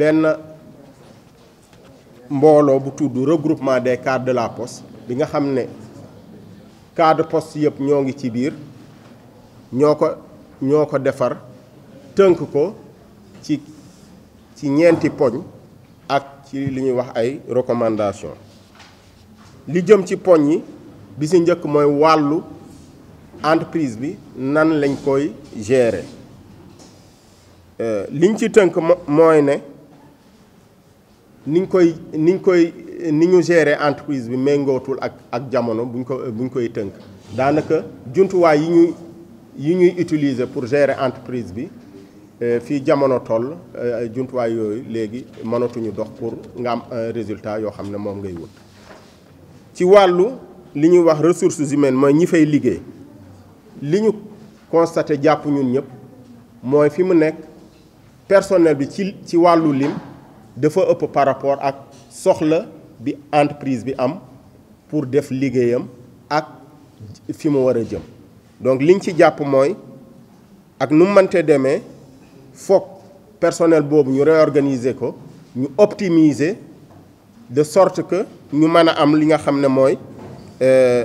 ben mbolo bu tuddu regroupement des cadres de la poste bi nga xamné cadre poste yep nyoka ci biir ñoko ñoko défar teunk defar ko ci ci ñenti poñ ak ci li ñuy wax ay recommandations li jëm ci poñ yi bi ci moy walu entreprise bi nan lañ koy gérer euh, liñ ci niñ koy niñ koy ni ñu gérer entreprise bi méngootul ak ak jamono buñ ko buñ koy tënk daanaka jumtuwaay yi ñuy yi ñuy utiliser pour gérer entreprise bi euh, fii jamono toll euh, jumtuwaay yooyu léegi mënatuñu dox pour nga am résultat yoo xam ne moom ngay wut ci wàllu li ñuy wax ressources humaines mooy ñi fay liggéey li ñu constaté jàpp ñun ñëpp mooy fi mu nekk personnel bi ci ci wàllu lim dafa ëpp par rapport ak soxla bi entreprise bi am pour def liggéeyam ak fi mu war a jëm donc liñ ci jàpp mooy ak nu mu mënte demee foog personnel boobu ñu réorganiser ko ñu optimiser de sorte que ñu mën a am li nga xam ne mooy euh,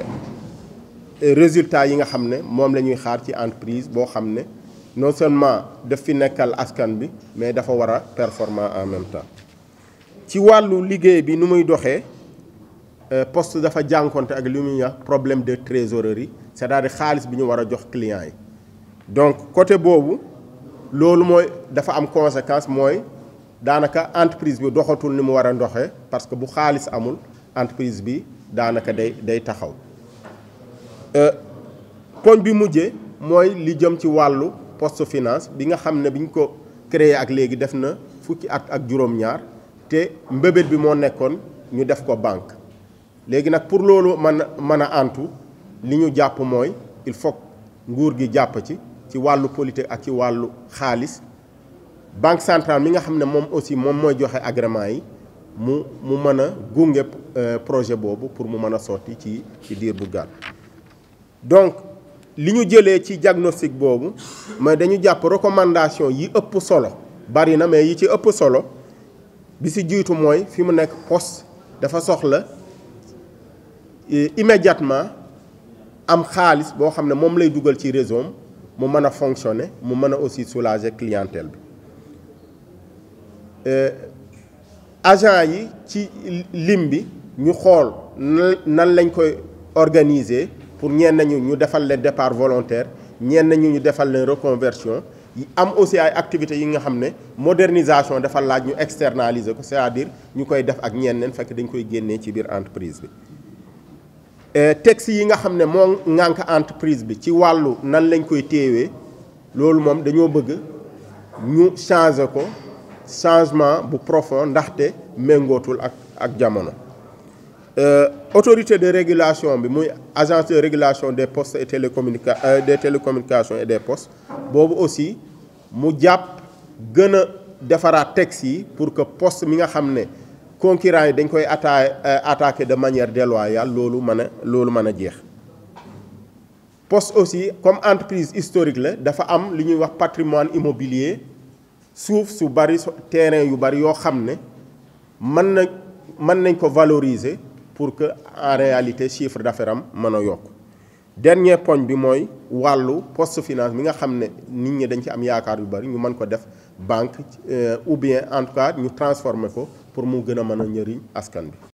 résultat yi nga xam ne moom la ñuy xaar ci entreprise boo xam ne non seulement daf fi nekkal askan bi mais dafa war a performant en même temps ci walu liguey bi numuy doxé euh, poste dafa jankonté ak li wax problème de trésorerie c'est-à-dire xaalis bi ñu war jox clients yi donc côté bobu lolu moy dafa am conséquence moy danaka entreprise bi doxatul ni mu wara a parce que bu xaalis amul entreprise bi danaka day day taxaw euh, poñ bi mujjé moy li jëm ci walu poste finance bi nga xamné biñ ko créé ak légui defna fukki at ak juróom-ñaar te mbébét bi moo nekkoon ñu def ko banque léegi nag pour loolu mën mën a antu li ñu jàpp mooy il faut nguur gi jàpp ci ci wàllu politique ak ci wàllu xaalis banque centrale mi nga xam ne moom aussi moom mooy joxe agrément yi mu mu mën a gunge euh, projet boobu pour mu mën a sotti ci ci diir bu gàtt donc li ñu jëlee ci diagnostic boobu mais dañu jàpp recommandation yi ëpp solo bari na mais yi ci ëpp solo bi si jiitu mooy fi mu nekk poste dafa soxla eh, immédiatement am xaalis bo xamne mom lay dugal ci réseau mu meuna a fonctionner mu meuna a aussi soulager clientèle bi eh, agent yi ci limbi ñu xol nan lañ koy organiser pour ñen ñu ñu defal le départ volontaire ñen ñu ñu defal le reconversion am aussi ay activités yi nga xam ne modernisation dafa laaj ñu externaliser ko c'est-à-dire ñu koy def ak ñeneen fekk dañ koy génnee ci biir entreprise bi euh, texte yi nga xam ne moo ŋànk entreprise bi ci wàllu nan lañ koy téewee loolu moom dañoo bëgg ñu changer ko changement bu profond ndaxte méngootul ak ak jamono euh, autorité de régulation bi muy agence de régulation des postes et télécommunica euh, des télécommunications et des postes boobu aussi mu jàpp gën a defaraat texte pour que poste mi nga xam ne concurrent yi dañ koy atta euh, de manière déloyale loolu mën a loolu mën a poste aussi comme entreprise historique la dafa am li ñuy wax patrimoine immobilier suuf su bari terrain yu bari yoo xam ne mën na ko valoriser pour que en réalité chiffre d'affaires am mën a yokk dernier point bi mooy wàllu poste finance mi nga xam ne nit ñi dañ ci am yaakaar yu bari ñu mën ko def banque euh, ou bien en tout ñu transformer ko pour mu gën a mën a njëriñ askan bi